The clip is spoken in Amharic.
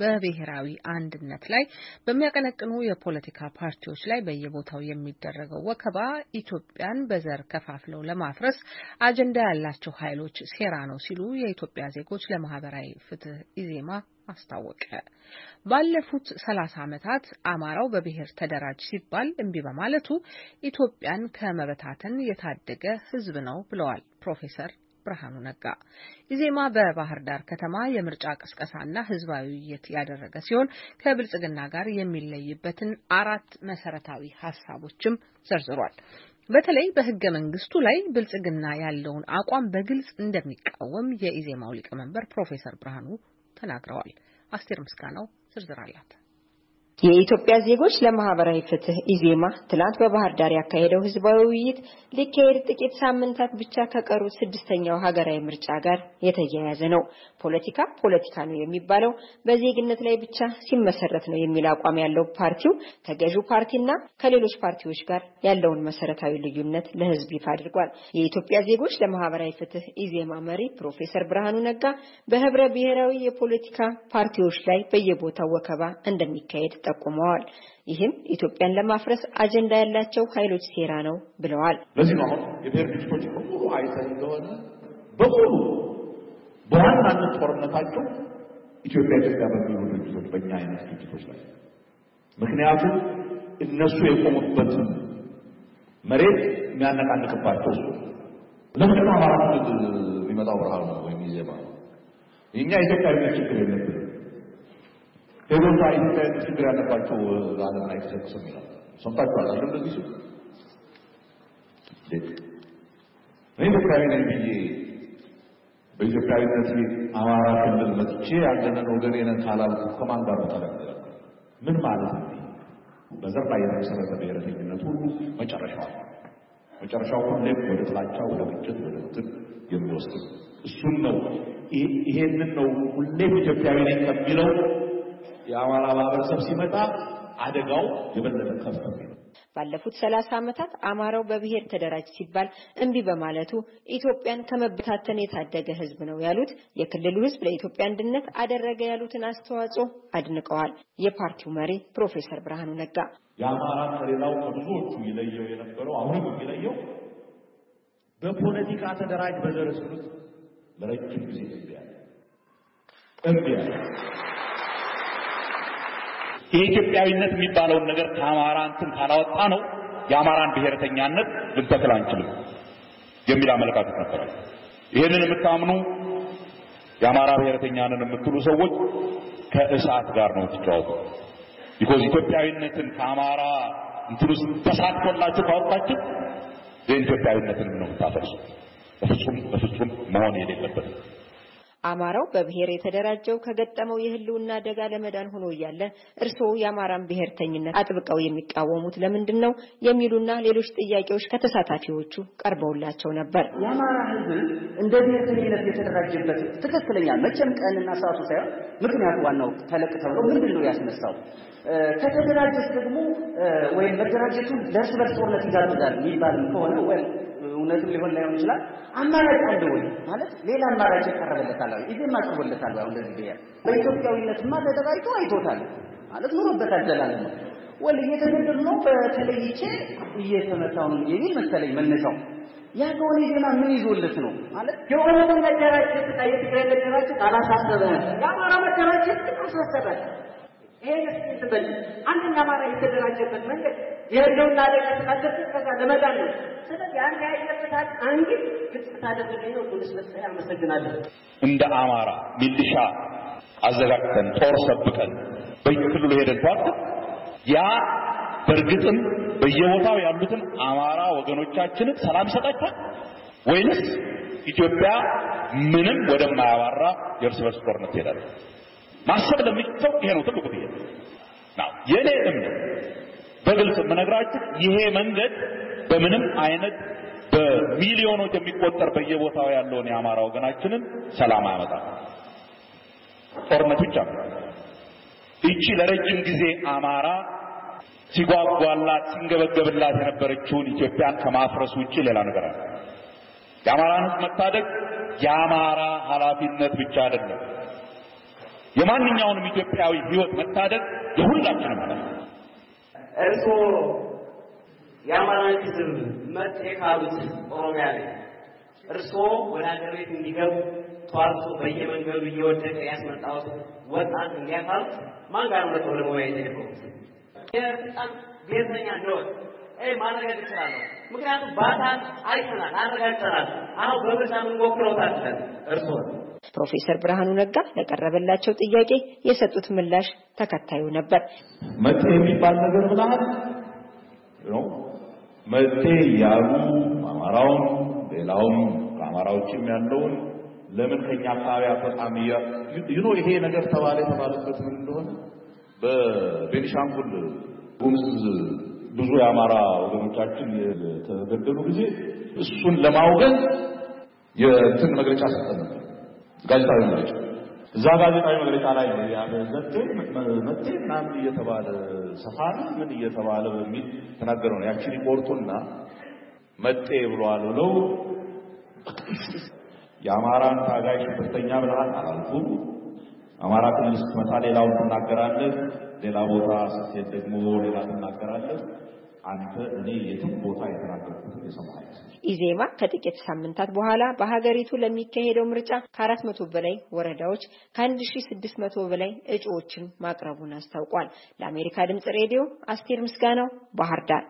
በብሔራዊ አንድነት ላይ በሚያቀነቅኑ የፖለቲካ ፓርቲዎች ላይ በየቦታው የሚደረገው ወከባ ኢትዮጵያን በዘር ከፋፍለው ለማፍረስ አጀንዳ ያላቸው ኃይሎች ሴራ ነው ሲሉ የኢትዮጵያ ዜጎች ለማህበራዊ ፍትህ ኢዜማ አስታወቀ። ባለፉት ሰላሳ ዓመታት አማራው በብሔር ተደራጅ ሲባል እምቢ በማለቱ ኢትዮጵያን ከመበታተን የታደገ ህዝብ ነው ብለዋል ፕሮፌሰር ብርሃኑ ነጋ። ኢዜማ በባህር ዳር ከተማ የምርጫ ቅስቀሳና ህዝባዊ ውይይት ያደረገ ሲሆን ከብልጽግና ጋር የሚለይበትን አራት መሰረታዊ ሀሳቦችም ዘርዝሯል። በተለይ በህገ መንግስቱ ላይ ብልጽግና ያለውን አቋም በግልጽ እንደሚቃወም የኢዜማው ሊቀመንበር ፕሮፌሰር ብርሃኑ ተናግረዋል። አስቴር ምስጋናው ዝርዝር አላት። የኢትዮጵያ ዜጎች ለማህበራዊ ፍትህ ኢዜማ ትላንት በባህር ዳር ያካሄደው ህዝባዊ ውይይት ሊካሄድ ጥቂት ሳምንታት ብቻ ከቀሩት ስድስተኛው ሀገራዊ ምርጫ ጋር የተያያዘ ነው። ፖለቲካ ፖለቲካ ነው የሚባለው በዜግነት ላይ ብቻ ሲመሰረት ነው የሚል አቋም ያለው ፓርቲው ከገዢው ፓርቲና ከሌሎች ፓርቲዎች ጋር ያለውን መሰረታዊ ልዩነት ለህዝብ ይፋ አድርጓል። የኢትዮጵያ ዜጎች ለማህበራዊ ፍትህ ኢዜማ መሪ ፕሮፌሰር ብርሃኑ ነጋ በህብረ ብሔራዊ የፖለቲካ ፓርቲዎች ላይ በየቦታው ወከባ እንደሚካሄድ ጠቁመዋል። ይህም ኢትዮጵያን ለማፍረስ አጀንዳ ያላቸው ኃይሎች ሴራ ነው ብለዋል። በዚህ ነው አሁን የብሔር ግጭቶች በሙሉ አይተን እንደሆነ በሙሉ በዋናነት ጦርነታቸው ኢትዮጵያ ኢትዮጵያ በሚሉ ድርጅቶች በእኛ አይነት ድርጅቶች ላይ ምክንያቱም እነሱ የቆሙበትን መሬት የሚያነቃንቅባቸው እሱ ለምንድነው አማራ ክልል የሚመጣው ብርሃን ነው ወይም ዜማ ነው። እኛ ኢትዮጵያ ችግር የለብን የገዛ ኢትዮጵያ ችግር ያለባቸው ዓለም ላይ አይሰቅስም ይላል። ሰምታችኋል አይደል? እንደዚህ ሲሉ እኔ ኢትዮጵያዊ ነኝ ብዬ በኢትዮጵያዊነት አማራ ክልል መጥቼ ያለንን አንድነን ወገኔን ካላልኩ ከማን ጋር ተለገለ? ምን ማለት ነው? በዘር ላይ የተመሰረተ ብሔረተኝነት ሁሉ መጨረሻው መጨረሻው ሁሌም ወደ ጥላቻ፣ ወደ ግጭት፣ ወደ እንትን የሚወስድ እሱን ነው። ይሄንን ነው ሁሌም ኢትዮጵያዊ ነኝ ከሚለው የአማራ ማህበረሰብ ሲመጣ አደጋው የበለጠ ከፍ ባለፉት ሰላሳ ዓመታት አማራው በብሔር ተደራጅ ሲባል እምቢ በማለቱ ኢትዮጵያን ከመበታተን የታደገ ሕዝብ ነው ያሉት የክልሉ ሕዝብ ለኢትዮጵያ አንድነት አደረገ ያሉትን አስተዋጽኦ አድንቀዋል። የፓርቲው መሪ ፕሮፌሰር ብርሃኑ ነጋ የአማራ ከሌላው ከብዙዎቹ ይለየው የነበረው አሁንም የሚለየው በፖለቲካ ተደራጅ በደረሱት ለረጅም ጊዜ እምቢ ያለ የኢትዮጵያዊነት የሚባለውን ነገር ከአማራ እንትን ካላወጣ ነው የአማራን ብሔረተኛነት ልንተክል አንችልም የሚል አመለካከት ነበረ። ይህንን የምታምኑ የአማራ ብሔረተኛንን የምትሉ ሰዎች ከእሳት ጋር ነው ትጫወቱ። ቢኮዝ ኢትዮጵያዊነትን ከአማራ እንትን ውስጥ ተሳትፎላችሁ ካወጣችሁ የኢትዮጵያዊነትን ነው የምታፈርሱ። በፍጹም በፍጹም መሆን የሌለበት አማራው በብሔር የተደራጀው ከገጠመው የህልውና አደጋ ለመዳን ሆኖ እያለ እርስዎ የአማራን ብሔርተኝነት አጥብቀው የሚቃወሙት ለምንድን ነው የሚሉና ሌሎች ጥያቄዎች ከተሳታፊዎቹ ቀርበውላቸው ነበር። የአማራ ህዝብ እንደ ብሔርተኝነት የተደራጀበት ትክክለኛ መቼም ቀንና ሰዓቱ ሳይሆን ምክንያቱ ዋናው ተለቅ ተብሎ ምንድን ነው ያስነሳው? ከተደራጀስ ደግሞ ወይም መደራጀቱን ለእርስ በርስ ጦርነት ይጋብዛል የሚባልም ከሆነ ወይም እውነትም ሊሆን ላይሆን ይችላል። አማራጭ አለ ወይ ማለት ሌላ አማራጭ ይቀርብለታል ወይ ኢዜማ ቀርቦለታል ወይ? አሁን ለዚህ ብሔር በኢትዮጵያዊነትማ ተደራጅቶ አይቶታል ማለት ኑሮበታል። ዘላለም ወል እየተገደሉ ነው በተለይቼ እየተመታው ነው የሚል መሰለኝ መነሻው። ያ ከሆነ ኢዜማ ምን ይዞለት ነው ማለት የሆነ መደራጀት የትግራይ መደራጀት አላሳሰበ፣ የአማራ መደራጀት አሳሰበ። ይሄን ስንት በል አንድ አማራ የተደራጀበት መንገድ የህልውና አደጋ ስላለበት ስለዚህ አንድ አንግል ግልጽ ነው። ፖሊስ አመሰግናለሁ። እንደ አማራ ሚሊሻ አዘጋጅተን ጦር ሰብቀን በየክልሉ ሄደን ኳት ያ በእርግጥም በየቦታው ያሉትን አማራ ወገኖቻችንን ሰላም ይሰጣችኋል ወይንስ ኢትዮጵያ ምንም ወደማያባራ የእርስ በርስ ጦርነት ትሄዳለች? ማሰብ ለሚችለው ይሄ ነው ትልቁ ጥያቄ ነው። የእኔ እምነት በግልጽ የምነግራችሁ ይሄ መንገድ በምንም አይነት በሚሊዮኖች የሚቆጠር በየቦታው ያለውን የአማራ ወገናችንን ሰላም አያመጣም። ጦርነት ብቻ ይቺ ለረጅም ጊዜ አማራ ሲጓጓላት ሲንገበገብላት የነበረችውን ኢትዮጵያን ከማፍረስ ውጭ ሌላ ነገር አለ። የአማራን ህዝብ መታደግ የአማራ ኃላፊነት ብቻ አይደለም። የማንኛውንም ኢትዮጵያዊ ህይወት መታደግ የሁላችንም ማለት ነው። የአማራን ህዝብ መጤ ካሉት ኦሮሚያ ላይ እርስዎ ወደ ሀገር ቤት እንዲገቡ ተዋርቶ በየመንገዱ እየወደቀ ያስመጣሁት ወጣት እንዲያፋሉት ማን ጋር መጥቶ ለመወያየት የደፈሩት የስልጣን ብሔርተኛ እንደሆነ ማረጋገጥ እችላለሁ። ምክንያቱም በአካል አይተናል፣ አረጋግጠናል። አሁን በምርጫ የምንወክለውታል እርስዎን ፕሮፌሰር ብርሃኑ ነጋ ለቀረበላቸው ጥያቄ የሰጡት ምላሽ ተከታዩ ነበር። መጤ የሚባል ነገር ምናምን መጤ እያሉ አማራውን ሌላውም ከአማራ ውጭም ያለውን ለምን ከኛ አካባቢ አትወጣም ይኖ ይሄ ነገር ተባለ የተባለበት ምን እንደሆነ በቤኒሻንጉል ጉምዝ ብዙ የአማራ ወገኖቻችን የተገደሉ ጊዜ እሱን ለማውገዝ የትን መግለጫ ሰጠ ነበር፣ ጋዜጣዊ መግለጫ እዛ ጋዜጣዊ መግለጫ ላይ ነው ያመዘቴ መቴ ምናምን እየተባለ ሰፋሪ ምን እየተባለ በሚል ተናገረው ነው ያቺ ሪፖርቱና መጤ ብለዋል ብለው የአማራን ታጋይ ሽብርተኛ ብለሃል አላልኩ አማራ ክልል ስትመጣ ሌላውን ትናገራለህ፣ ሌላ ቦታ ስትሄድ ደግሞ ሌላ ትናገራለህ። አንተ እኔ የትም ቦታ የተናገርኩትን የሰማ ኢዜማ ከጥቂት ሳምንታት በኋላ በሀገሪቱ ለሚካሄደው ምርጫ ከአራት መቶ በላይ ወረዳዎች ከአንድ ሺ ስድስት መቶ በላይ እጩዎችን ማቅረቡን አስታውቋል። ለአሜሪካ ድምጽ ሬዲዮ አስቴር ምስጋናው ባህር ዳር